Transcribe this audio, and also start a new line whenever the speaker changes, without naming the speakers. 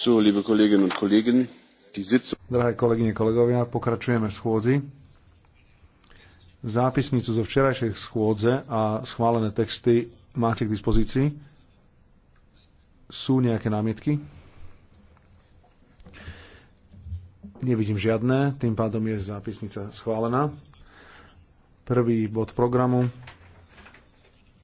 So, liebe Kolleginnen und Kollegen,
die Sitzung... Drahé kolegyne, kolegovia, pokračujeme v schôdzi. Zápisnicu zo včerajšej schôdze a schválené texty máte k dispozícii. Sú nejaké námietky? Nevidím žiadne, tým pádom je zápisnica schválená. Prvý bod programu